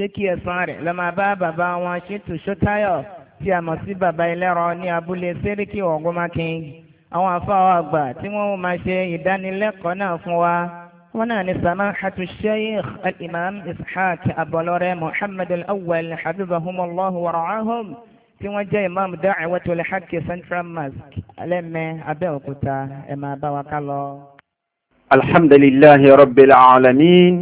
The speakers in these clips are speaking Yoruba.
pé kí ẹ̀san rẹ̀ lọ máa bá bàbá wọn ṣètò ṣótáyọ̀ tí a mọ̀ sí bàbá ẹlẹ́rọ ní abúlé sẹ́ríkì ọ̀gọ́mákin àwọn afáwọ̀ àgbà tí wọ́n máa ṣe ìdánilẹ́kọ̀ọ́ náà fún wa wọn náà ní samahatu sheikh al-imam ishaq abọlọrẹ muhammed al-awwal habibahumullahu warahum tí wọ́n jẹ́ imam da'watul haqq central mosque alẹ́mẹ́ abẹ́òkúta ẹ̀ máa bá wa ká lọ. alhamdulillahi rabbil alamin.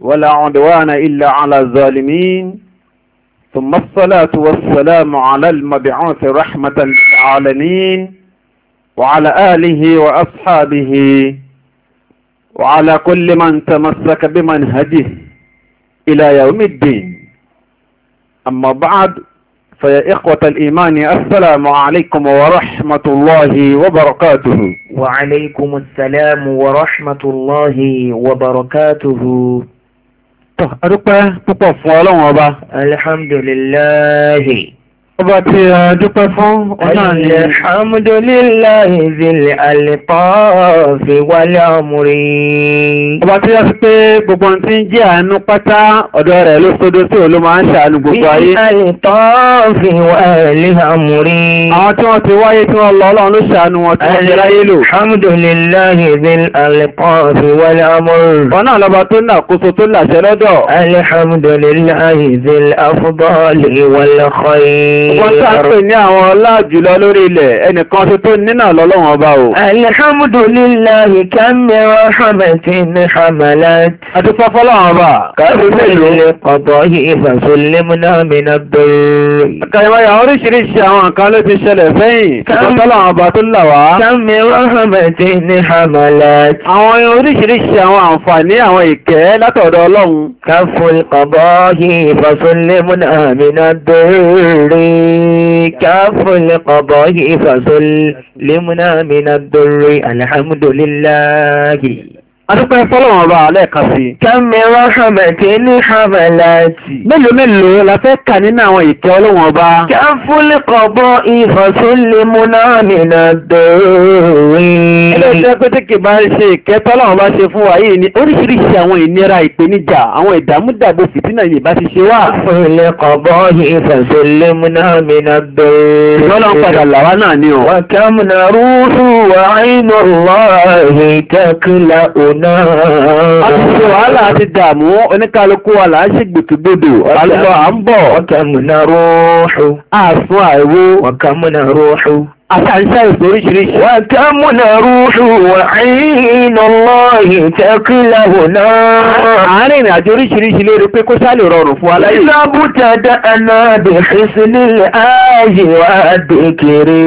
ولا عدوان إلا على الظالمين ثم الصلاة والسلام على المبعوث رحمة العالمين وعلى آله وأصحابه وعلى كل من تمسك بمنهجه إلى يوم الدين أما بعد فيا إخوة الإيمان السلام عليكم ورحمة الله وبركاته وعليكم السلام ورحمة الله وبركاته tọ́ adúpẹ́ púpọ̀ fún ọlọ́run ọba. alihamdulilayi. Ọba tí a dúpẹ́ fún ọ̀nà ni. Alhamdulillahi zil alqafi wal amri. Ọba tí a sì pé gbogbo tí ń jẹ́ àánú pátá ọ̀dọ̀ rẹ̀ ló sódó sí òun ló máa ń ṣàánú gbogbo ayé. Alqafi wal amri. Àwọn tí wọ́n ti wáyé tí wọ́n lọ ọlọ́run ló ṣàánú wọn tí wọ́n ti láyé lò. Alhamdulillahi zil alqafi wal amri. Ọ̀nà lọba tó nà kóso tó làṣẹ lọ́dọ̀. Alhamdulillahi zil Wọ́n sáàpè ní àwọn ọláàjùlọ lórí ilẹ̀ ẹnìkan ṣe tó nínà lọ́lọ́wọ́n ọba o. Alhamdulillahi kàmẹ́rọ ṣàbẹ̀tì ní Hamalat. A ti fọ́fọ́ láwọn ọba. Káàkiri ilé ọ̀tọ̀ yìí ìfàṣọ lẹ́múná mi náà bẹ̀rẹ̀. Kàyọ̀mọ̀yà oríṣiríṣi àwọn nǹkan ló ti ṣẹlẹ̀ sẹ́yìn. Ìgbọ́tọ́ láwọn ọba tó là wá. Kàmẹ́rọ ṣàbẹ̀tì Hamalat. Àwọn oríṣiríṣi àwọn àǹfààní àwọn ìkẹ́ látọ̀dọ̀ Ọlọ́run. Káfíń kọ̀bọ́ yìí ìfàṣọ كاف القضاء لمنا من الضر الحمد لله adúpẹ́ fọ́lọ́wọ́n ọba lẹ́ẹ̀kan sí. kẹ́mi rọ́ṣọ̀mẹ̀tì ní hamilati. mélòó mélòó la fẹ́ kà nínú àwọn ìtẹ́ ọlọ́wọ́n ọba. káfúlìkọ̀ bọ́ ìfọ̀súnlémúná nínú dòwìn. ẹlẹ́sẹ̀ pétékè bá ń ṣe ìkẹ́ tọ́lọ́wọ́n bá ṣe fún wa yìí ní oríṣiríṣi àwọn ìnira ìpèníjà àwọn ìdààmúdàbò fìtínà yìí bá ti ṣe wá. káfúlìkọ̀ bọ́ ìfọ̀súnlémúná nínú dòwìn. ìtọ́lọ́ náà. a ti ṣe wàhálà àti dààmú oníkálukú wa là ń ṣe gbòkègbodò ọ̀tá lọ à ń bọ̀. wọ́n kà múná rọ́ọ̀ṣù. àsun àìwó. wọ́n kà múná rọ́ọ̀ṣù àti àìsá ìpò oríṣiríṣi. wà á ká múnà rúṣù wà ìnà lọ́yìn tẹ́kílà wò náà. àárín ìrìn àjò oríṣiríṣi lè rí pé kó sálè rọrùn fún aláyè. ìlàbù tàdá anáàdì fèsì nílẹ̀ ààyè wà á dèkèrè.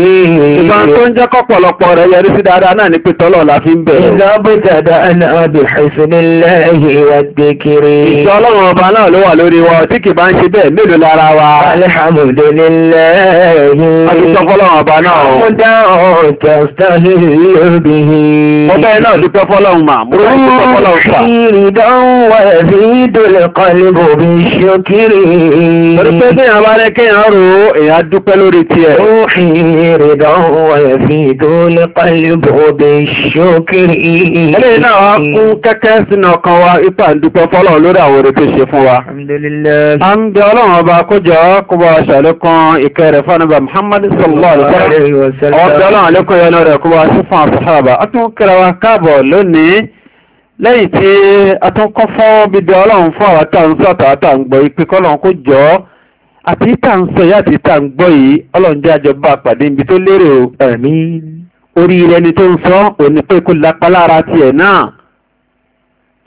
ìbọn tó ń jẹ́ kọ́pọ̀lọpọ̀ rẹ̀ yẹrí sí dáadáa náà ni pé tọ́lọ̀ la fi ń bẹ̀. ìlàbù tàdá anáàdì fèsì nílẹ̀ ààyè wà á dèkèrè. ìjọ ọlọ́run ọba náà ló wà lórí wa tí kì bá ń ṣe bẹ́ẹ̀ mélòó lára wa. alihamudulilayi. a ti sọ fọlọ́run ọba náà. Àmúdá ọ̀kẹ́ ọ̀sítẹ́lẹ̀ lóbìnrin. Mo bẹ́ẹ̀ náà dúpẹ́ fọ́lọ́hun mà, mo bẹ́ẹ̀ dúpẹ́ fọ́lọ́hun fà. Mo fi ìdánwò ẹ̀fí ìdòlè kan ní bòbí ṣókìrì. Torí pé bí àwọn arẹ kí èèyàn rò ó, èèyàn dúpẹ́ lórí tiẹ̀. Mo fi ìdánwò ẹ̀fí ìdòlè kan ní bòbí ṣókìrì. Eléyìí náà wá kún kẹ́kẹ́ sínú ọkàn wa, ipa ń dúpẹ́ fọ́lọ́hun lórí àwọn oore tó ṣe fún wa. Alhamdulillah. À ń bẹ ọlọ́run ọba kójọ kó bá wa ṣàlékún ìkẹrẹ̀ fún وسلم أبدالله عليكم يا نوركم وأشوفوا الصحابة أتوكروا كابو لوني lẹ́yìn tí a tún kọ́ fọ́n bíbí ọlọ́run fún àwọn tá à ń sọ àtàwọn tá à ń gbọ́ yìí pé kọ́lọ́run kó jọ ọ́ àti tá à ń sọ yìí àti tá à ń gbọ́ yìí ọlọ́run jẹ́ àjọba àpàdé ibi tó lérè o ẹ̀mí oríire ẹni tó ń sọ òní pé kó lapa lára tiẹ̀ náà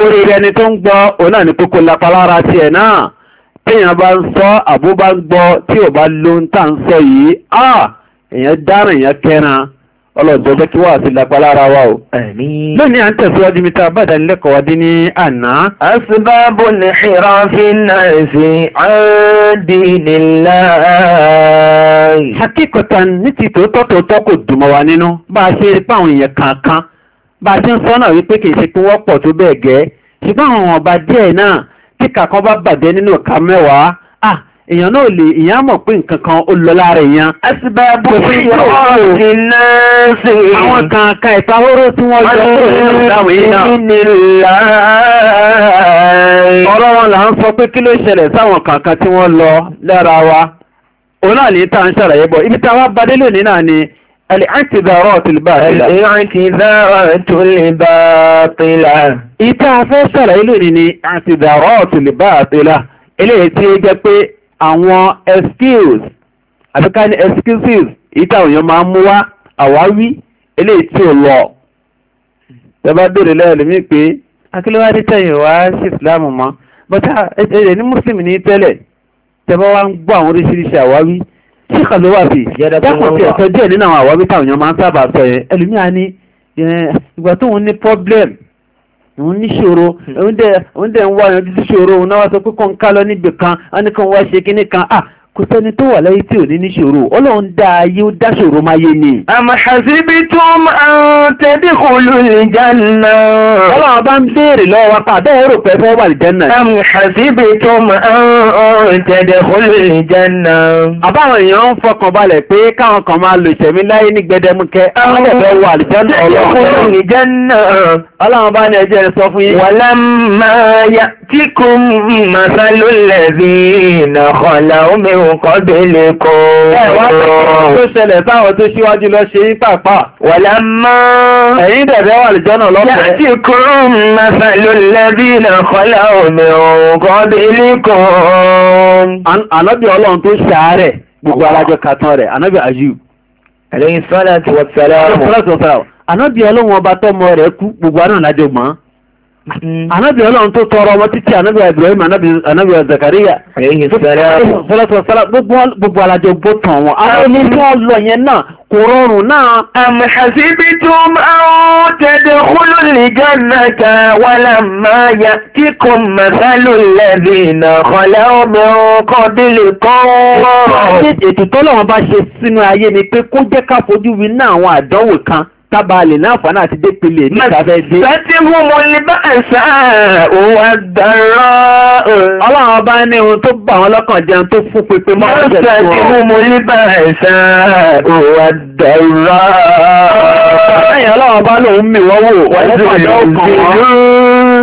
oríire ẹni tó ń gbọ́ òun náà ní pé kó lapa lára tiẹ̀ náà téèyàn bá ń sọ àbó bá ń gbọ́ tí ò bá lóhun tá à ń sọ yìí ah èèyàn dáràn èèyàn kẹran ọlọ́jọ́ jẹ́ kí wà sí lápá lára wa o. lónìí à ń tẹ̀síwájú mi tá a bá ìdánilẹ́kọ̀ọ́ wa dín ní àná. asibábò ní ìrànfẹ́ náà sí àdínilá. hakíkọ̀tàn ní ti tòótọ́ tòótọ́ kò dùn mọ́ wa nínú bá a ṣe pa àwọn èèyàn kankan bá a ṣe ń sọ́nà wípé kì í ṣe pé wọ́n pọ̀ tó bẹ́ẹ̀ gẹ́ ṣùgbọ́n àwọn ọba díẹ̀ náà kíkà kan bá bàjẹ́ nínú ọ̀ka mẹ́wàá èèyàn náà lè èèyàn mọ̀ pé nǹkan kan ó lọ lára èèyàn. asibabu fi ọ̀rọ̀ ti náà ṣe. àwọn kan ka ìfahóró tí wọ́n yọ kúrò nínú ìdáhùn yìí náà. ọ̀rọ̀ wọn là ń sọ pé kí ló ṣẹlẹ̀ sáwọn kankan tí wọ́n lọ lára wa. òun náà ní tá à ń ṣàlàyé bọ̀ ibi tá a wá badé lónìí náà ni. الاعتذارات الباطلة الاعتذارات الباطلة إذا فشل إلوني اعتذارات الباطلة إليه تيجي àwọn excuse àbí ká ní excuses èyí táwọn èèyàn máa ń mú wá àwáwí eléyìí tí ò lọ. tẹ́bá béèrè lẹ́yìn pé akíléwádé tẹ̀yìn wá sí ìsìláàmù mọ́ bọ́tà ẹ̀ẹ́dẹ̀ ní mùsùlùmí ní tẹ́lẹ̀ tẹ́bá wá ń gbọ́ àwọn oríṣiríṣi àwáwí tí kàló wà sí dákùn tí ẹ̀sọ́ díẹ̀ nínú àwọn àwáwí táwọn èèyàn máa ń sábà sọ yẹn ẹlòmíà ní ìgbà tóun ní problem òun níṣòro òun dẹ̀ ń wá yanjú síṣòro òun náà wá sọ pé kàn ń ká lọ níbì kan á ní kàn wá ṣe kinní kan ah kò sẹ́ni tó wà láyé tí ò ní níṣòro ọlọ́run dá ayé ó dáṣòro máa yé ni. amhasibitum an tadkhulul janna. ọlọ́run bá ń béèrè lọ́wọ́ wa pa bẹ́ẹ̀ rò pé fẹ́ wà lìjánà. amhasibitum an tadkhulul janna. àbáwọn èèyàn ń fọkàn balẹ̀ pé káwọn kan máa lo ìṣẹ̀mí láyé ní gbẹdẹmukẹ́. àwọn ẹ̀fẹ́ wà lìjánà ọlọ́run. Ọlọ́run bá ní ẹjẹ́ sọ fún yín. Walamma ya'tikum mathalul ladhina khalaw min qablikum. Ẹ wá tó ṣẹlẹ̀ táwọn tó ṣíwájú lọ ṣe yín pàpà. Walamma. Ẹ̀yin dẹ̀dẹ̀ wà lìjọ́ náà lọ́fẹ̀ẹ́. Ya'tikum mathalul ladhina khalaw min qablikum. Ànábì Ọlọ́run tó ṣàárẹ̀ gbogbo alájọ kàtán rẹ̀, ànábì Ayub. Alayhi salatu wa salam ànábì ọlọ́run ọba tọ́mọ rẹ̀ kú gbogbo àná lájọ mọ́ mm. ànábì ọlọ́run tó tọrọ ọmọ títí ànábì Ibrahim ànábì Zakariya gbogbo alájọ gbó tàn wọn àwọn ẹni tí wọ́n lọ yẹn náà kò rọrùn náà. am hasibitum an tadkhulul jannata walamma ya'tikum mathalul ladhina khalaw min qablikum. ètò tọ́lọ́wọ́n bá ṣe sínú ayé ni pé kó jẹ́ ká fojú winá àwọn àdánwò kan tábàlì náà fàánà àti dépele ní ìtafẹ́ dé. Sẹ́tí mú mo lè bá ẹ̀sà òun àdàrọ̀. Ọlọ́run ọba ní ohun tó bá wọn lọ́kàn jẹun tó fún pépé mọ́ ọ̀sẹ̀ tó wọn. Sẹ́tí mú mo lè bá ẹ̀sà òun àdàrọ̀. Ọlọ́run ọba lòun mi wọ́wọ́ wọ́n ti ọ̀dọ́ kan.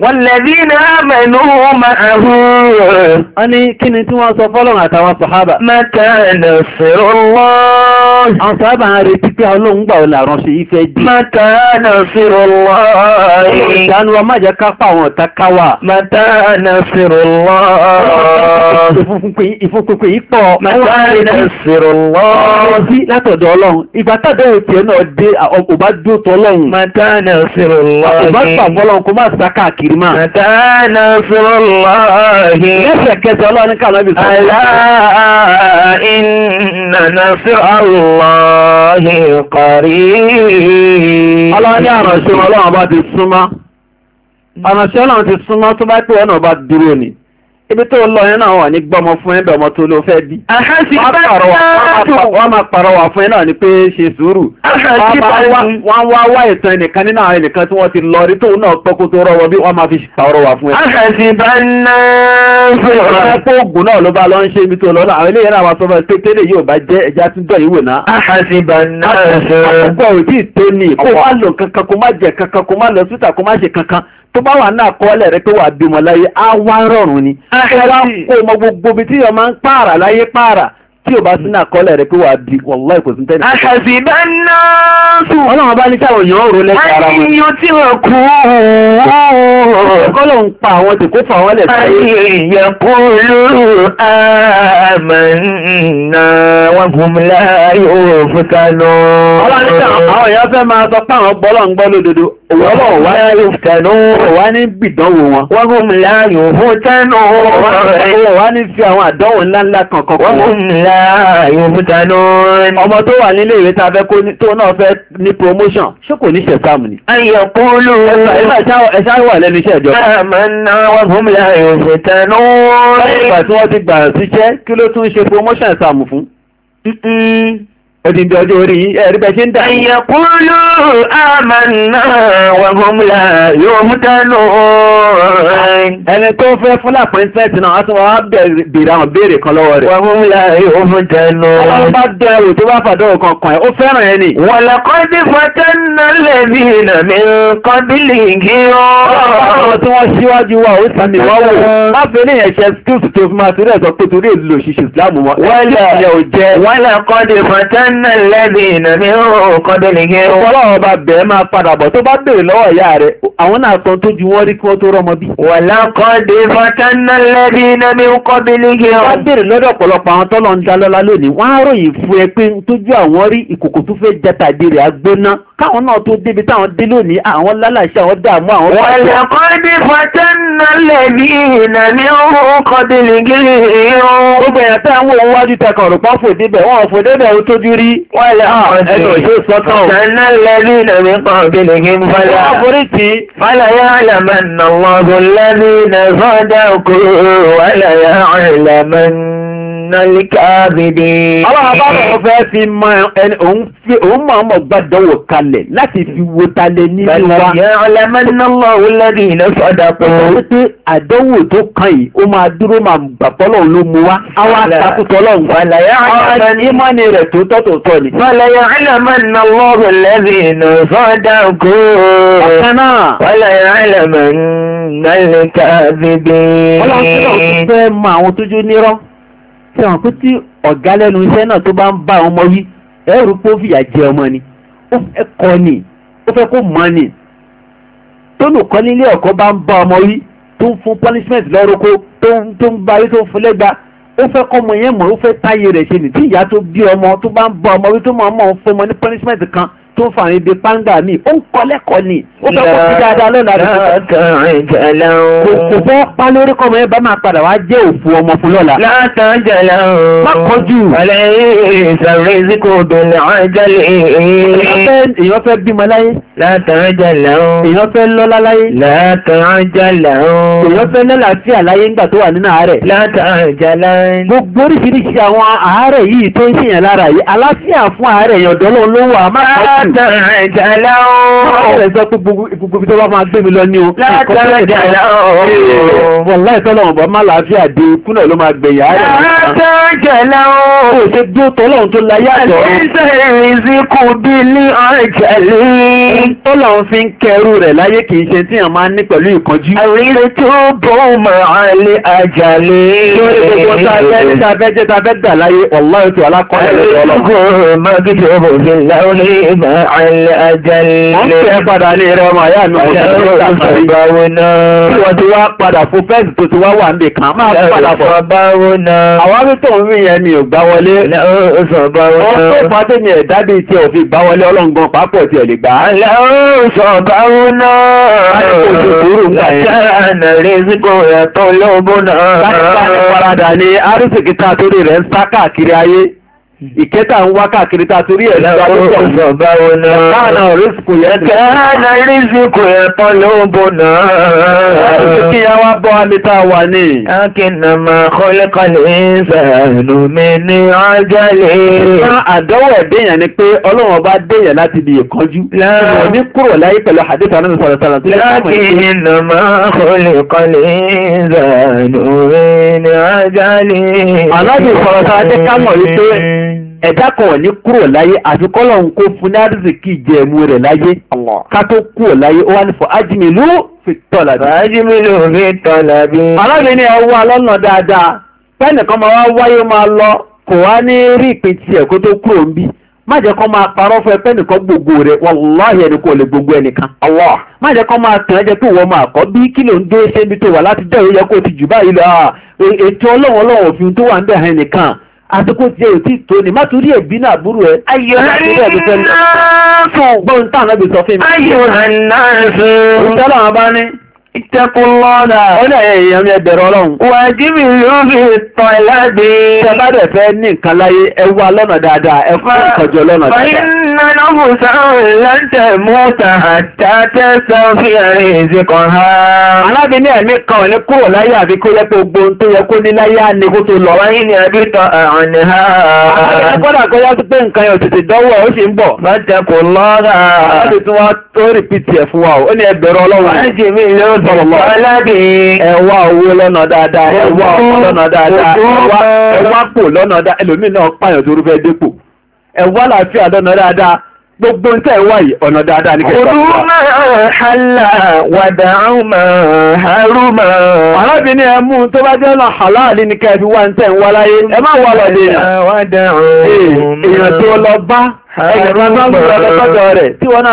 Wọ̀lẹ̀bí náà mẹ̀nú ma'ahu. A ní kí ni tí wọ́n sọ fọ́lọ̀n àtàwọn sọ̀hábà? Mẹ́ta ẹ̀nà fẹ́rọ lọ́n. Àwọn sọ̀hábà ń retí pé ọlọ́run gbà ọlà ránṣe ìfẹ́ dì. Mẹ́ta ẹ̀nà fẹ́rọ lọ́n. Ìdánu ọmọ jẹ́ kápá àwọn ọ̀tá káwà. Mẹ́ta ẹ̀nà kiri máa. Mẹ́ta nasrullahi. Lẹ́sẹ̀kẹsẹ̀ ọlọ́run ní kànáà bí àrànṣẹ́ ọlọ́run bá ti súnmọ́. Àrànṣẹ́ ọlọ́run ti súnmọ́ tó bá pè ẹ́ bá dúró ni ibi tó lọ yẹn náà wà ní gbọ́mọ fún ẹbẹ̀ ọmọ tó ló fẹ́ bí. wọ́n máa pàrọwà fún ẹ náà ni pé ṣe sùúrù. wọ́n wá wá ìtàn ẹnìkan nínú àwọn ẹnìkan tí wọ́n ti lọ rí tóun náà pẹ́ kó tó rọwọ́ bí wọ́n máa fi pàrọwà fún ẹ. àṣàṣìbá náà ló bá lọ ń ṣe ibi tó lọ náà àwọn eléyìí náà wá sọ fún ẹ pé tẹ́lẹ̀ yóò bá jẹ́ ẹja tí dọ̀ yìí wò náà. àṣàṣìbá náà tó ni kó má lò kankan kó má tó bá wà náà kọ́lẹ̀ rẹ pé wà bímọ láyé á wá rọrùn ni ẹ wá kó gbogbo ibi tí yọ máa ń pààrà láyé pààrà tí o bá sí náà kọ́lẹ̀ rẹ̀ pé wà á di wàláì kò sí tẹ́lẹ̀. àṣàṣì bá ná sùn. ọlọ́run bá ní táwọn èèyàn rò lẹ́sẹ̀ ara wọn. àyè yóò tí wọ́n kú. kọ́lọ̀ ń pa àwọn tí kò fà wọ́n lẹ̀ sáyé. àyè ìyàkúlù àmàna wọn kò mú Ọlọ́run wá ní tẹnu wá ní gbìdánwò wọn. Wọ́n mú mi láàyò fún tẹnu rẹ̀. Ọlọ́run wá ní fi àwọn àdánwò ńláńlá kankan kún Wọ́n mú mi láàyò fún tẹnu Ọmọ tó wà nílé ìwé tá a fẹ́ kó tó náà fẹ́ ní promotion ṣé kò ní ṣẹ̀sáàmù ni. Ayọ̀ kú ló. Ẹ̀sán wà lẹ́nu iṣẹ́ ìjọba. Àmọ́ ná wọ́n fún mi láàyò fún tẹnu rẹ̀. Ìgbà tí wọ́n ti gbà síṣẹ́ kí ló tún ṣe promotion ẹ̀sáàmù fún? Odin bí ọjọ́ orí ẹ̀rí bẹ́ ṣe ń dà. Ẹ̀yẹ̀kú ló àmà náà wà yóò mú tánú ẹni tó fẹ́ fún lápẹ́ńtẹ́ẹ̀tì náà wọ́n tún wọ́n bèèrè àwọn béèrè kan lọ́wọ́ rẹ̀. wọ́n mú láàyè ó fún jẹnu. ọlọ́run bá dẹ tó bá fàdọ́rọ̀ kan ẹ̀ ó fẹ́ràn ẹni. wọ́n lọ kọ́ sí fọ́tẹ́nà lẹ́bí iná mi kan bílì kí ó. ọlọ́run tí wọ́n síwájú wa ó sàmì wá wò. má fi ní ẹ̀ṣẹ̀ skills tó fi máa torí ẹ̀sọ́ pé torí èlò ṣíṣe islam wọn. wọ́n lọ kọ́ sí fọ́tẹ́nà lẹ́bí iná mi kan bílì kí ó rọmọ bí. wàlá kọ́dé fatanna alladhina min qablihim. wọ́n bèrè lọ́dọ̀ ọ̀pọ̀lọpọ̀ àwọn tọ́lọ́ ń dalọ́lá lónìí wọ́n á ròyìn fún ẹ pé tójú àwọn rí ìkòkò tó fẹ́ jata ìdí rẹ̀ á gbóná káwọn náà tó débi táwọn dé lónìí àwọn lálàṣẹ àwọn dààmú àwọn. wọlé kọ́ bí fatẹ́nà lẹ́bí ìnàní ọ̀hún kọ́dìlì gírí ìhó. gbogbo èèyàn tẹ́ ń wò wájú tẹkọ̀ rò pọ́n fòdé bẹ̀ wọ́n fòdé bẹ̀ ó tójú rí. wọlé ẹ̀dọ̀ yóò sọ tán o. fatẹ́nà ìnàní kọ́dìlì lè káàbìdì. ọlọ́run bá bọ̀ fẹ́ fi mọ ẹni òun máa mọ̀ gbàdánwò kalẹ̀ láti fi wo talẹ̀ nínú wa. bẹ́ẹ̀ ni ọlọ́mọ iná lọ wọlẹ́rì iná sọ̀dà pọ̀. ó pé àdánwò tó kàn yìí ó máa dúró máa gbàgbọ́ lọ́run ló mu wá. àwa takùtọ̀ lọ́run. wàlàyé ọlọ́mọ ní mọ́ni rẹ̀ tó tọ́tò tọ́ ni. wàlàyé ọlọ́mọ iná náà. wàlàyé ṣe hàn pé tí ọ̀gá lẹ́nu iṣẹ́ náà tó bá ń bá ọmọ wí ẹ̀rù pé ó fìyà jẹ ọmọ ni ó fẹ́ kọ́ ni ó fẹ́ kó mọ́ ni tólùkọ́ nílé ọ̀kọ́ bá ń bá ọmọ wí tó ń fún punishment lọ́rọ́kọ́ tó ń bá wí tó ń fún lẹ́gba ó fẹ́ kọ́ ọmọ yẹn mọ̀ ó fẹ́ táyé rẹ̀ ṣe nì tí ìyá tó bí ọmọ tó bá ń bá ọmọ wí tó mọ̀ ọmọ fún ọmọ ní punishment kan tó fà ní bí pàǹdà mi ó ń kọ́ lẹ́kọ̀ọ́ ni ó fẹ́ kọ́ sí dáadáa lọ́nà àdúgbò. látàn kò fẹ́ pa lórí kọ́mọ ẹ bá máa padà wá jẹ́ òfu ọmọ fún lọ́la. látàn jẹlẹ o. má kọjú. ọ̀lẹ́ ìsọ̀rọ̀ ìsìnkú obìnrin ọ̀jẹ̀lẹ̀. èèyàn fẹ́ bímọ láyé látàájá làwọn. èèyàn fẹ́ lọ́lá láyé. látàájá làwọn. èèyàn fẹ́ lálàáfíà láyé ńgbà tó wà nínú àárẹ̀. látàájá láyé. gbogbo oríṣiríṣi àwọn àárẹ̀ yìí tó ń ṣèyàn lára yìí aláfíà fún àárẹ̀ yẹn ọ̀dọ́ lọ́wọ́ ló wà má pàtó. látàájá làwọn. wọ́n fẹ́ sọ pé gbogbo ibi tó bá máa gbé mi lọ ní o. látàájá làwọn. wàláì tọ́lọ́run bá má làáfíà dé kúnlẹ̀ ló máa gbẹ̀yà àárẹ̀. látàájá làwọn tọ́lọ̀ ń fi ń kẹrù rẹ̀ láyé kì í ṣe tí èèyàn máa ní pẹ̀lú ìkanjú. àríre tó bó máa lé àjàlé. lórí gbogbo tá a fẹ́ tá fẹ́ jẹ́ tá a fẹ́ láyé ọ̀la tó bò sí láwọlé máa lé àjàlé. wọ́n fẹ́ padà ní ẹrẹ ọmọ àyà mi. tí ò gbá wọlé. ọ̀sán صبرنا وكان الرزق يطلبنا. Báyìí bá ní faradà ni arúsìkítà torí rẹ̀ ń sá káàkiri ayé. Hmm. ìkẹta ń wá káàkiri ta torí ẹ̀ nígbà tó pọ̀ jù. káàna rísìkò yẹn tó. káàna rísìkò yẹn tán ló bò náà. láti kí a wá bọ́ àmì tá a wà ní. akínà máa kọ́lé kalẹ̀ ìsànù mi ní ájálẹ̀. ṣá àdánwò ẹ̀dẹ́yàn ni pé ọlọ́run bá dẹ̀yàn láti di ìkánjú. láàrín ní kúrò láyé pẹ̀lú àdéhùn àná sọ̀rọ̀ sọ̀rọ̀ tó yẹ kí akínà ẹ̀dá kan ò ní kúrò láyé àfi kọ́lọ́hún kó fún ní ìjẹ̀mú rẹ̀ láyé ká tó kúrò láyé ó wá ní fọ ajimilu fi tọ́lá bí. ájìmílú fi tọ́lá bí. alábìnrin ni ẹ wáyé máa lọ kò wá ní rí ìpín tiẹ̀ kó tó kúrò ń bí má gbogbo rẹ wàláhì ẹni kò lè gbogbo ẹnìkan. má jẹ́ kó máa tàn máa kọ́ bí kí ló ń dé tó wà láti kó ti jù báyìí lọ àsìkò tí èyí tí tó ní má torí ẹ̀bí náà búrú ẹ̀. ayọ̀hánnáàfù. gbọ́n tàn náà bí sọ fún mi. ayọ̀hánnáàfù. ìtọ́lọ́wọ́n bá ní ìtẹ́kùnlọ́nà ọ̀nà èèyàn ẹgbẹ̀rẹ̀ ọlọ́run. wà jíbi yóò fi tàn ẹ́ láti. ṣé bá dẹ̀ fẹ́ ní nǹkan láyé ẹ wá lọ́nà dáadáa ẹ fún ìkànjọ lọ́nà dáadáa. fàyín nínú bùsàrùn lẹ́tẹ̀ mọ́ta àtàtẹ́ sọ́fìrì ìsìnkàn ha. alábi ní ẹ̀mí kan ò ní kúrò láyé àfi kó yẹ kó gbóhùn tó yẹ kó ní láyé àní kó tó lọ. wáyé ni ẹbí tan àrùn ni ha. àgbẹ̀kọ́dà kó yá pé nǹkan yẹn ò tètè dánwò ó sì ń bọ̀. bá jẹ́ kò lọ́ra. alábi tí wọ́n tó rìpítì ẹ̀ fún wa ó ní ẹgbẹ̀rún ọlọ́run. wáyé jìmí ló ẹwà ẹ̀wà owó lọ́nà dáadáa ẹwà ọkọ lọ́nà dáadáa ẹwà pò lọ́nà dáadáa ẹlòmíì náà pààyàn tó rúfẹ́ dépò ẹwà làáfíà lọ́nà dáadáa gbogbo ń tẹ́ wà ọ̀nà dáadáa ní máa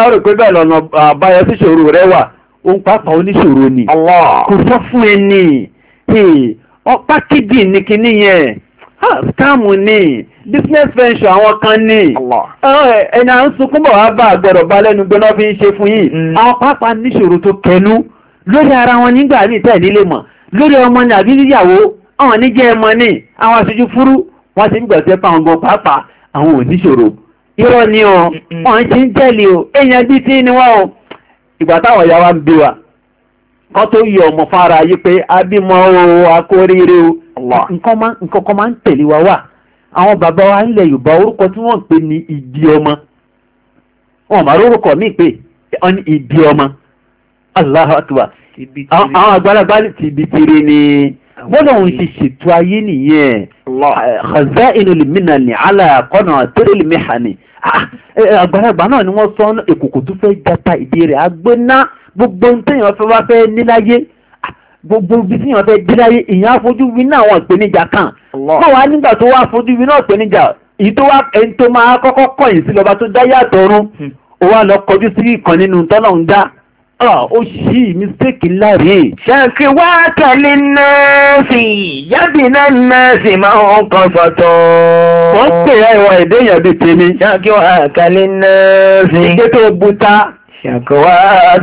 wàdà lọ òun pàápàá oníṣòro ni kò sọ fún ẹ ẹni ọpá kídì ní kinní yẹn ah, scam ni business venture àwọn kan ni ah, ẹni à ń sunkún bọ̀ wá bá àgbẹ̀rọ̀ bá lẹ́nu gbẹ́nà fi ń ṣe fún yìí hmm. àwọn pàápàá níṣòro tó kẹnu lórí ara wọn nígbà míì tẹ̀ nílé mọ̀ lórí ọmọ ní àbí níyàwó àwọn níjẹ́ ẹmọ ní àwọn aṣojú fúrú wọ́n ti ń gbọ̀tẹ́ pa àwọn gan pàápàá àwọn ò irọ́ ni ọ wọ́n ti ń jẹ́lì o èèyàn bíi tí ni wọ́n o. ìgbà táwọn ìyá wa ń bí wa kọ́ tó yọ ọmọ fara yí pé abímọ o akóríire o nǹkan kan máa ń tẹ̀lé wa wà àwọn bàbá wa ńlẹ̀ yorùbá orúkọ tí wọ́n ń pè ní ìdí ọmọ wọn máa rórúkọ míì pé ìdí ọmọ Allahu Akbar àwọn àgbàlagbà ti ibi tiri ni. bọ́lá òun ṣe ṣètò ayé nìyẹn ṣàzá inú lèmínà ní aláàkọ́nà àtẹ́rẹ́ lèmíhà ni ah, eh, eh, àgbàlagbà náà ni wọ́n sọ èkòkò tó fẹ́ jata ìdí rẹ̀ agbóná gbogbo téèyàn fẹ́ wá fẹ́ níláyé ah, gbogbo ibi téèyàn fẹ́ díláyé ìyẹn afojú wí náà àwọn ìpèníjà kan náà wá nígbà tó wá afojú wí náà ìpèníjà èyí tó wá ẹni tó máa kọ́kọ́ kọ̀yìn sí lọ́ba tó dá yàtọ̀ ọ̀run ó wá lọ kọjú sí ìkan Ah, ó ṣí mistake láre. ṣàǹkì wá tẹ̀lé nọ́ọ̀sì yábì náà nọ́ọ̀sì máa ń kan fọ̀tọ̀. wọ́n pè é ìwà èdè èèyàn bíi tèmi. ṣàǹkì wá tẹ̀lé nọ́ọ̀sì. ìgbé tó buta. ṣàǹkì wá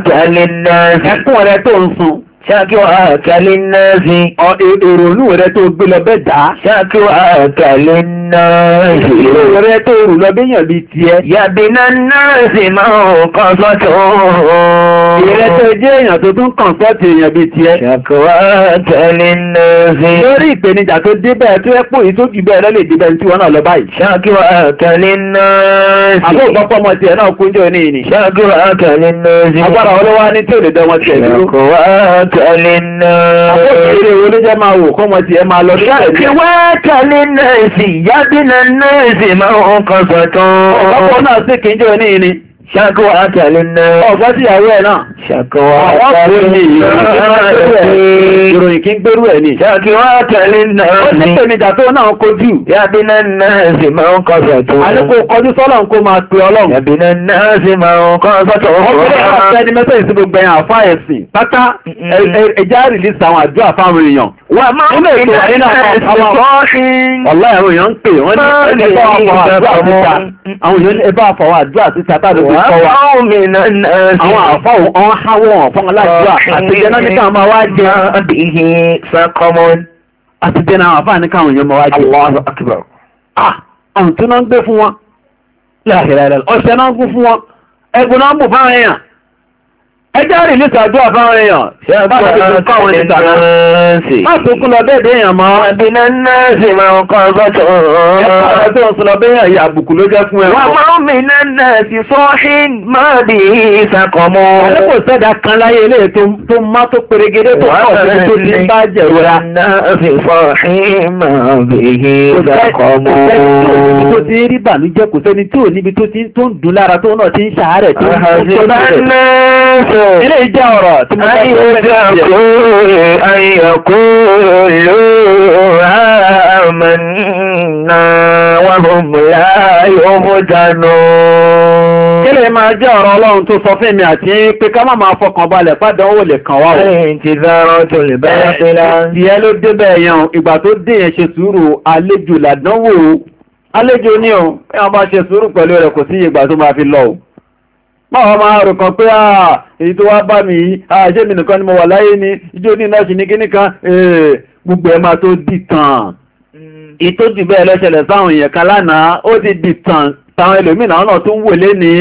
tẹ̀lé nọ́ọ̀sì. ẹkún rẹ tó ń sun. ṣàǹkì wá tẹ̀lé nọ́ọ̀sì. èrò olúwo tó gbé lọ bẹ́ẹ̀ dá. ṣàǹkì wá tẹ̀lé nọ́ọ̀sì náà sì. Ìrẹ́ tó rù lọ tó ẹ pò tó jù bẹ́ẹ̀ lọ́lẹ̀ débẹ̀ tí wọ́n náà lọ báyìí. Ṣàkóbá tẹ̀lé náà sí. Àbúrò pọ́pọ́ ọmọ tiẹ̀ náà kúnjọ́ ní ìní. Ṣàkóbá tẹ̀lé náà sí. Agbára ọlọ́wà ní tí ò lè dánwọ́ tiẹ̀ dúró. Ṣàkóbá tẹ̀lé náà sí. Àbúrò ìrè wo ló jẹ́ máa wò kọ́mọ tiẹ̀ máa lọ sí. Ṣàkóbá tẹ̀lé náà sí. Ìyá Wàbínà náà sì máa ń kọ̀sọ̀ tó. Ọ̀pọ̀ náà sì kìí jẹ́ oní ni ṣàkọwà àti àlẹ́nà ọ̀fẹ́ sí àwẹ́ ẹ̀ náà ṣàkọwà àtàlẹ́nà ìròyìn kí ń gbérú ẹ̀ ní ṣàkọwà àtàlẹ́nà ó ní pèmìjà tó náà kojú yàbínà náà sì máa ń kọ́ sọ̀tún àlékò kọjú sọ́lọ̀ kó máa pe ọlọ́run yàbínà náà sì máa ń kọ́ sọ̀tún ọkùnrin àfẹ́ ni mẹ́sẹ̀ ìsinmi gbẹ̀yìn àfá ẹ̀sìn pátá ẹja rìlíìsì àwọn àdúrà fáwọn èèyàn wà máa ń pè ní àyínà àwọn ọ̀la ẹ̀rọ èèyàn ń pè wọ́n ní ẹ̀bá àfọwọ́ àdúrà síta táwọn kọ́ wa. àwọn àfọ́ ọ̀hún háwọ̀ ọ̀fọ́n aládùúgbò àtijọ́ náà nígbà máa wá jẹ́ àtijọ́ náà àfáà ní káwọn èèyàn máa wá jẹ́. Allahu akbar. Ah, àwọn tó náà ń gbé fún wọn. ọ̀sẹ̀ náà ń gún fún wọn. ẹgbẹ́ náà ń bù fáwọn èèyàn ẹjá rì ní sàdó àfáwọn èèyàn bá tó kún lọ bẹ́ẹ̀ déèyàn mọ́ ẹbìnà náà sì máa ń kọ́ ọgbọ́n tó rọrùn ẹgbẹ́ sọ lọ bẹ́ẹ̀ yà àbùkù ló jẹ́ fún ẹ. wọ́n máa ń bìnà náà sì sọ́ọ́ṣì máa bì í ìsàkọ̀mọ́. ẹ kò sẹ́dá kan láyé ilé tó má tó perégedé tó kọ́ ọ̀sẹ̀ tó ti bá jẹ̀rora. wọ́n náà sì sọ́ọ́ṣì máa bì í ìsàkọ̀mọ́. kò sẹ́ni tó Ilé ìjẹ́ ọ̀rọ̀ tí mo bá tó bẹ̀rẹ̀ jẹ́. Ayọ̀kú ló àmàna wà bọ̀mùlá yóò dànù. Kílè máa jẹ́ ọ̀rọ̀ Ọlọ́run tó sọ fún mi àti pé ká má máa fọkàn balẹ̀ pádàn ó lè kàn wá o. Ti dáràn tó lè bá yá pé lá. Ìyẹn ló débẹ̀ yẹn ìgbà tó dé yẹn ṣe sùúrù àlejò làdánwò. Àlejò ní o, ẹ máa ṣe sùúrù pẹ̀lú rẹ̀ kò sí ìgbà tó máa fi lọ o máa máa rò kàn pé àà èyí tó wá bá mi yìí àṣé mi nìkan ni mo wà láyé ni ijó ní iná ṣì ní kíní kan eh, gbogbo ẹ̀ máa tó dìtàn ètò jù bẹ́ẹ̀ lọ́ṣẹlẹ̀ sáwọn èèyàn kan lánàá ó ti dìtàn táwọn ẹlòmíràn náà tún wò lé ní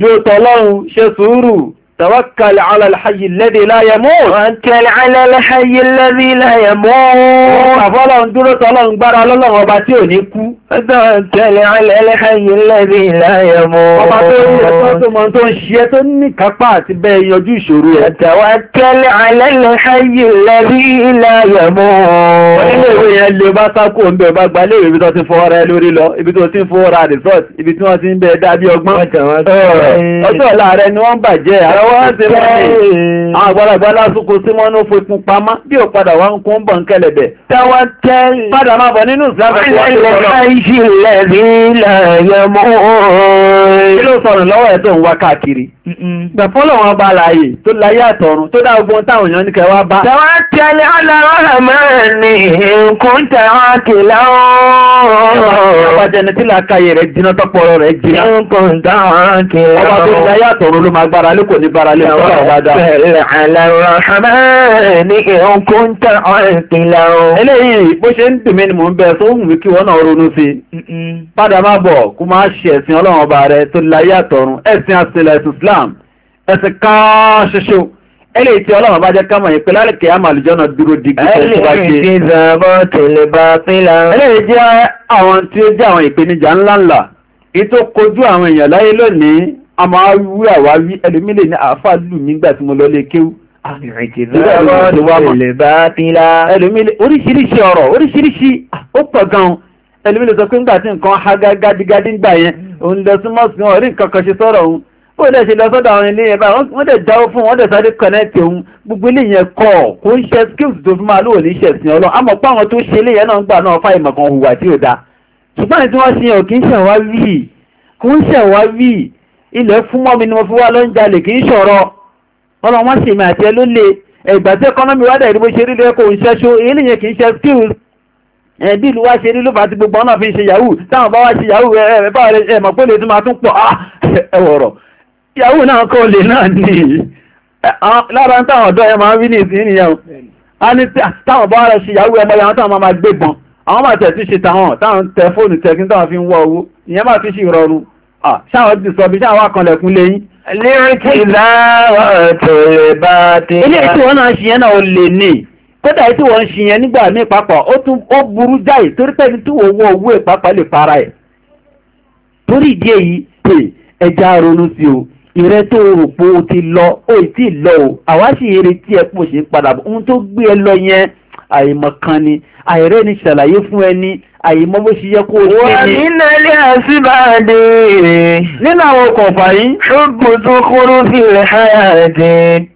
jó tọlọ́run ṣe sùúrù توكل على الحي الذي لا يموت توكل على الحي الذي لا يموت afọ́lọ́run dúró tọ́lọ́run gbára lọ́lọ́run ọba tí ò ní kú توكل على الحي الذي لا يموت ọba tó rí ẹ̀tọ́ tó mọ tó ń ṣe tó ní kápá àti bẹ́ẹ̀ yanjú ìṣòro ẹ̀ توكل على الحي الذي لا يموت onílé ìwé yẹn lè bá sákò ń bẹ̀ bá gba léèrè ibi tó ti fọwọ́ rẹ lórí lọ ibi tó ti ń fọwọ́ ra resort ibi tí wọ́n ti ń bẹ̀ dábí ọgbọ́n ọjọ́ ọ̀la rẹ ni wọ́n bàjẹ́ àwọn wọ́n ti rẹ̀ ní àgbàlagbà lásìkò pamá bí ò padà wá ń kún bọ̀ ń kẹlẹ̀bẹ̀. tẹ́wọ́n tẹ́rì padà máa bọ̀ nínú ìsìlámù tí wọ́n ti lọ lọ. kí ló sọ̀rọ̀ lọ́wọ́ ẹ̀ tó ń wá káàkiri gbẹ̀fọ́lọ̀wọ́n bá láàyè tó láyé àtọ̀run tó dá ogun táwọn èèyàn ní kẹwàá bá. tẹwà tẹlẹ ọlọ́rọ̀ mẹ́rin ní nǹkan tẹwà kìlá ooo. ọbàjẹni tí làákàyè rẹ̀ jiná tọpọlọ rẹ̀ jiná. nǹkan tẹwà kìlá ooo. ọba tó láyé àtọ̀run ló máa gbára lé kò ní gbára lé àwọn ọ̀rọ̀ dáadáa. tẹlẹ ọlọ́rọ̀ mẹ́rin ní nǹkan tẹwà kìlá ooo. eléyìí bó ṣe ń dùn islam ẹ̀sìn kan ṣoṣo ẹlẹ́ ìtí ọlọ́run bá jẹ́ kámọ̀ yìí pé lálẹ́kẹ̀ àmà àlùjọ́nà dúró digbí tẹ́lẹ̀ bá ṣe ẹlẹ́ ìjẹ́ àwọn tí ó jẹ́ àwọn ìpèníjà ńláńlá ètò kojú àwọn èèyàn láyé lónìí a máa wí àwáwí ẹlòmílẹ̀ ní àáfà lù nígbà tí mo lọ lé kéwú oríṣiríṣi ọ̀rọ̀ oríṣiríṣi ó pọ̀ gan-an ẹlòmílẹ̀ sọ pé ńgbà tí nǹkan ha gágádigádí ń gbà yẹn òun lọ súnmọ́ sí wọn orí nǹkan kan ṣe sọ̀rọ̀ òun ó lè ṣe lọ sọ́dọ̀ àwọn ilé yẹn báyìí wọ́n dẹ̀ jáwó fún wọ́n dẹ̀ sáré kọ̀nẹ́ẹ̀tì òun gbogbo ilé yẹn kọ̀ kò ń ṣe skills tó fi máa lóò ní ṣe ẹ̀sìn ọlọ́ àmọ́ pé àwọn tó ṣe náà ń gbà náà fà ìmọ̀ kan hùwà tí ò da ṣùgbọ́n àti wọ́n ṣe kì í ṣe wá wí kò í ṣe wá wí ilẹ̀ fún mọ́ ni mo fi wá ló ń kì í ṣọ̀rọ̀ ẹ gbogbo ọ̀nà fi ń ṣe yahoo táwọn bá wá ṣe ìyàwó náà kọ́ lè náà ní lára ń táwọn ọ̀dọ́ ẹ máa ń rí ní a ní táwọn bá rẹ̀ ṣe ìyàwó ẹmọ ìyàwó táwọn máa gbé àwọn máa tẹ̀ tí ṣe tàwọn táwọn tẹ fóònù tẹ̀kí táwọn fi ń wọ owó ìyẹn máa fi ṣì rọrùn ṣáwọn ti sọ bí ṣáwọn akànlẹ̀kùn lẹ́yìn lírìkì tí wọ́n náà ṣiyẹn náà ó lè ní kódà ẹ̀ ìrẹ́ tó rò pé o ti lọ o ì tí ì lọ o àwa sì retí ẹ pò ṣe padà bọ̀ ohun tó gbé ẹ lọ yẹn àìmọ̀kan ni àìrẹ́ ni ṣàlàyé fún ẹni àìmọ́ bó ṣe yẹ kó ṣe ni. wọ́n nínú ilé àti báàdé rẹ̀. nínú àwọn kọ̀ọ̀fà yìí. ṣùgbọ́n tó kúrú sí rẹ̀ ṣáyà rẹ̀ dé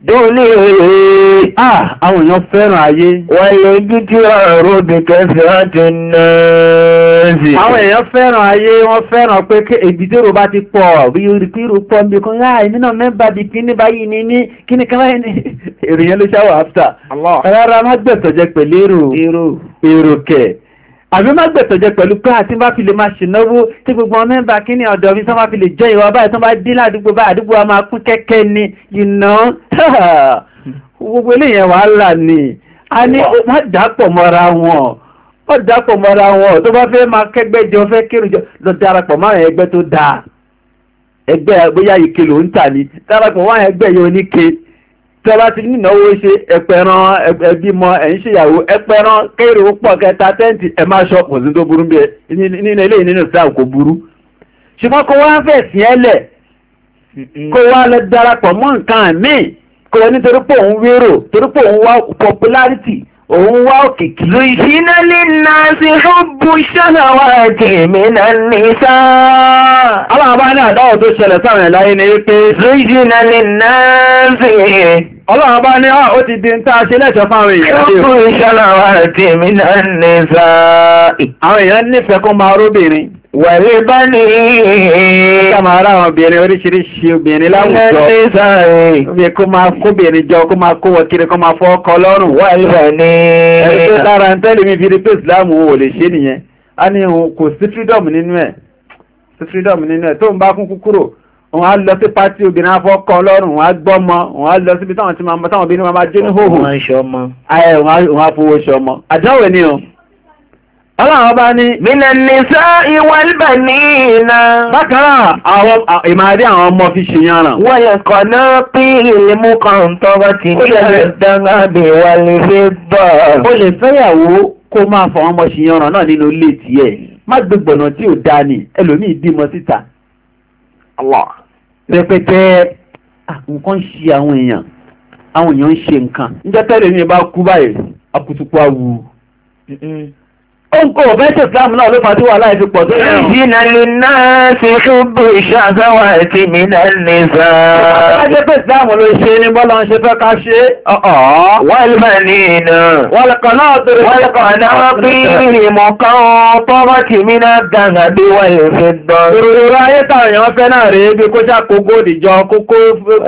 dúlé rẹ̀. a àwọn èèyàn fẹ́ràn ayé. wọ́n lè ọ̀rọ̀ òbí kẹsàn-án ti nà án sí. àwọn èèyàn fẹ́ràn ayé wọ́n fẹ́ràn pé ibi tí yorùbá ti pọ̀ bí yorùbá pọ̀ nbí kan yáà ah, èmi náà bí kíní báyìí ní ní kíní kan ní èrò yẹn ló ṣáwà áfítà rárá má gbẹ̀tọ̀jẹ pẹ̀lú èrò èrò kẹ̀ àbí má gbẹ̀tọ̀jẹ pẹ̀lú pé àti bá fi lè máa ṣìnáwó tí gbogbo ọmọ ẹ̀bà kíní ọ̀dọ̀ mi tó bá fi lè jẹ́ ìwà báyìí tó bá dín ládùúgbò bá àdúgbò wa máa kún kẹ́kẹ́ ni ìná gbogbo eléyẹn wàhálà ni a ní má dàpọ̀ mọ́ra wọn ó dàpọ̀ mọ́ra wọn tó bá fẹ́ máa kẹ́gbẹ́ jọ fẹ́ kírun jọ lọ darapọ̀ máa ẹgbẹ́ tó dáa ẹgbẹ́ bóyá ìkìlò ń tà ní darapọ̀ máa ẹgbẹ́ yẹn oníke tẹ́lá ti ní ìnáwó ṣe ẹ̀pẹ̀ràn ẹ̀bímọ ẹ̀yìn ṣèyàwó ẹ̀pẹ̀ràn kéré pọ̀ kẹta tẹ́ǹtì ẹ̀ máa ṣọ kò sí tó burú bí ẹ nínú eléyìí nínú Islam kò burú ṣùgbọ́n kó wá fẹ̀ sí ẹ lẹ̀ kó wá lọ darapọ̀ mọ́ nǹkan míì kó wọ́n ní torí pé òun wérò torí pé òun wá popularity òun wá òkìkí. zùjínà lè na sí ṣọ́bù ṣáláwá tèmi náà ní sáà. aláàbá ní àdáwọ̀ tó ṣẹlẹ̀ sáwọn ẹ̀ láyé ni wípé. zùjínà lè na sí. Ọlọ́run bá ní ah, ó ti di ń tá a ṣe lẹ́ṣọ́ fáwọn èèyàn tí ó. Ṣọ́kùn ìṣọ́lọ́wà àti èmi náà ní sáàì. Àwọn èèyàn nífẹ̀ẹ́ kó máa róbìnrin. Wẹ̀lé bá ní ká máa rá àwọn obìnrin oríṣiríṣi obìnrin láwùjọ. Ní sáàì. Obìnrin kó máa kóbìnrin jọ kó máa kó wọ kiri kó máa fọ́ ọkọ lọ́rùn. Wẹ̀lé ní. Ẹni tó lára ń tẹ́lẹ̀ mi fi rí pé ìsìláàmù ò lè ṣe nìyẹn. A ní kò sí freedom nínú ẹ̀ wọ́n á lọ sí pátí obìnrin afọ́kọ́ ọlọ́run wọ́n á gbọ́mọ wọ́n á lọ síbi táwọn ti máa mọ táwọn obìnrin máa jẹ́ ní hòhò wọ́n á fowó ṣọmọ àdáwò ni o ọlọ́run ọba ní mílẹ̀ nìsá ìwọ̀n ìbẹ̀ ní iná bákanrà àwọn ìmàrí àwọn ọmọ fi ṣe yànràn wọ́n yẹ kọ̀ náà pí ilé mú kan tọ́wọ́ ti jẹ́ dánábì wà lè fi bọ̀ o lè fẹ́yàwó kó máa fọ ọmọ ṣe yànràn náà nínú ilé tiẹ̀ má gbẹgbọ̀nà tí ò dáa ni ẹlòmíì bímọ síta Allah rẹpẹtẹ ah, nǹkan ṣe àwọn èèyàn àwọn èèyàn ń ṣe nǹkan níjẹ́ tẹ́lẹ̀ mi bá kú báyìí akutuku awu. Oúnkò bẹ́ẹ̀tẹ̀ ìsìláàmù náà ló fà tí wà láì fi pọ̀ tó yẹn. Ìjìnà lè náà ti ṣubú ìṣàzáwà àti mìíràn ní sáà. Ìpàtàkì pé ìsìláàmù ló ṣe ní bọ́lá ń ṣe fẹ́ ká ṣe ọ̀ọ̀. Wọ́lùmọ̀ ní iná. Wọ́lùkọ̀ náà tó rí. Wọ́lùkọ̀ náà bí ìmọ̀ kan tọ́wọ́ tì mí náà dàgbà bí wọ́n lè fi dán. Ìrora ayé táwọn èèyàn fẹ́ náà rèé bí kó ṣá kókó òdìjọ kókó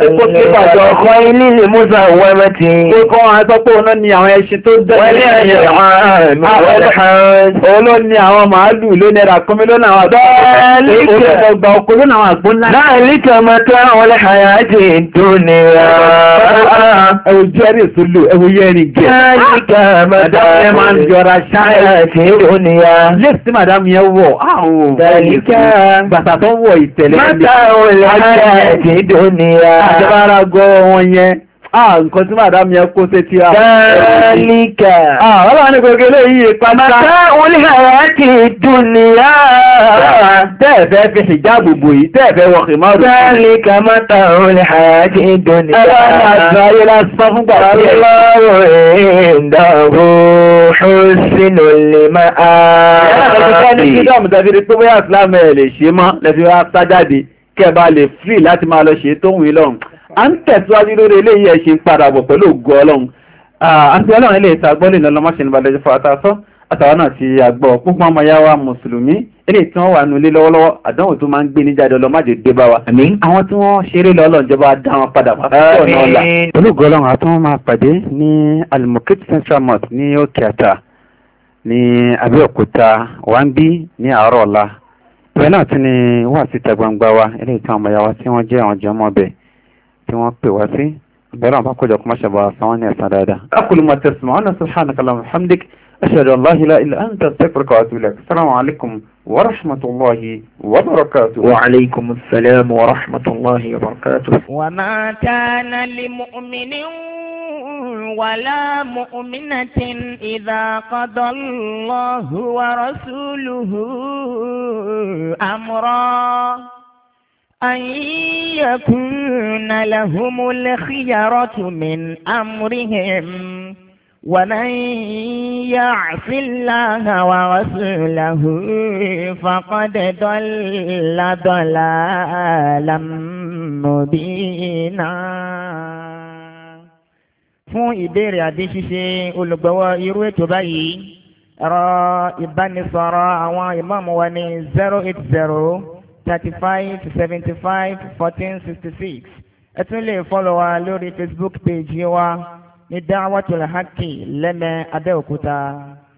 kókó pípàjọ. Wọ́n ilé lè mú sàn wọ́n mẹ́tì. Kókó àwọn àtọ́kọ́ náà ni àwọn ẹṣin tó dẹ́. Wọ́n ilé ẹ̀yẹ̀ olóní àwọn màálù ló nẹ́ra kúnmí lónà àwọn àgbà ọkọ lónà àwọn àgbọn ńlá. láìlíkà máa tẹ́ àwọn ọlẹ́hàyà àti ètò nìyà. ẹwọ jẹ́rì ìsúlù ẹwọ yẹ́rì jẹ́. láìlíkà máa tẹ́ àwọn ọlẹ́hàyà àti yọra ṣáà àti ètò nìyà. lẹ́sí màdàmù yẹn wọ̀ áwò. láìlíkà bàtà tó wọ̀ ìtẹ̀lẹ́ Ah, nǹkan tí máa dá mi ẹkó tẹ́ tí a. Dáríkà. Ah, ọlọ́run ní gbogbo eléyìí pátá. Màtá oníhàrá kì í dùn níyà. Tẹ́ẹ̀fẹ́ fi hijab bò yìí, tẹ́ẹ̀fẹ́ wọ kìmọ́rù. Dáríkà màtá oníhàrá kì í dùn níyà. Ẹ̀rọ ni àjọ ayé lásán fún gbàgbé. Ọlọ́run ìdánwò ṣùsínú lè máa. Ẹ̀rọ ti kọ́ ní kíndọ̀mù tàbí rí pé bóyá ìsìlámù a ń tẹ̀síwájú lórí eléyìí ẹ̀ ṣe ń padà bọ̀ pẹ̀lú ògo ọlọ́run àti ọlọ́run ilé ìta gbọ́lé ìlànà máṣe ní balẹ̀ fún àtàsọ́ àtàwọn náà ti àgbọ̀ púpọ̀ ọmọ wa mùsùlùmí eléyìí tí wọ́n wà nulẹ̀ lọ́wọ́lọ́wọ́ àdánwò tó máa ń gbé níjáde ọlọ́mọdé dé bá wa. àwọn tí wọ́n ṣeré lọ́lọ́ ìjọba dá wọn padà wá sí ọ̀nà ọ̀la. ọlọ́run wambi ní àárọ̀ ọ̀la. ìwé náà wa eléyìí tí àwọn ọmọ yá wa tí وقتي واسي غير ما كل ما شبع ثانية سرادة أقول ما تسمعنا سبحانك اللهم وبحمدك أشهد أن لا إله إلا أنت أستغفرك وأتوب إليك السلام عليكم ورحمة الله وبركاته وعليكم السلام ورحمة الله وبركاته وما كان لمؤمن ولا مؤمنة إذا قضى الله ورسوله أمرا أن يكون لهم الخيرة من أمرهم ومن يعص الله ورسوله فقد ضل ضلالا مبينا fún ìbéèrè àti ṣíṣe olùgbọ́wọ́ irú ètò báyìí ẹ̀rọ ìbánisọ̀rọ̀ àwọn ìmáàmù wa ní zero eight zero thirty five to seventy five fourteen sixty six ẹ tún lè fọ́lọ̀ wa lórí Facebook page wa ní Da'watul Haqqi lẹ́mẹ̀ẹ́ Abẹ́òkúta.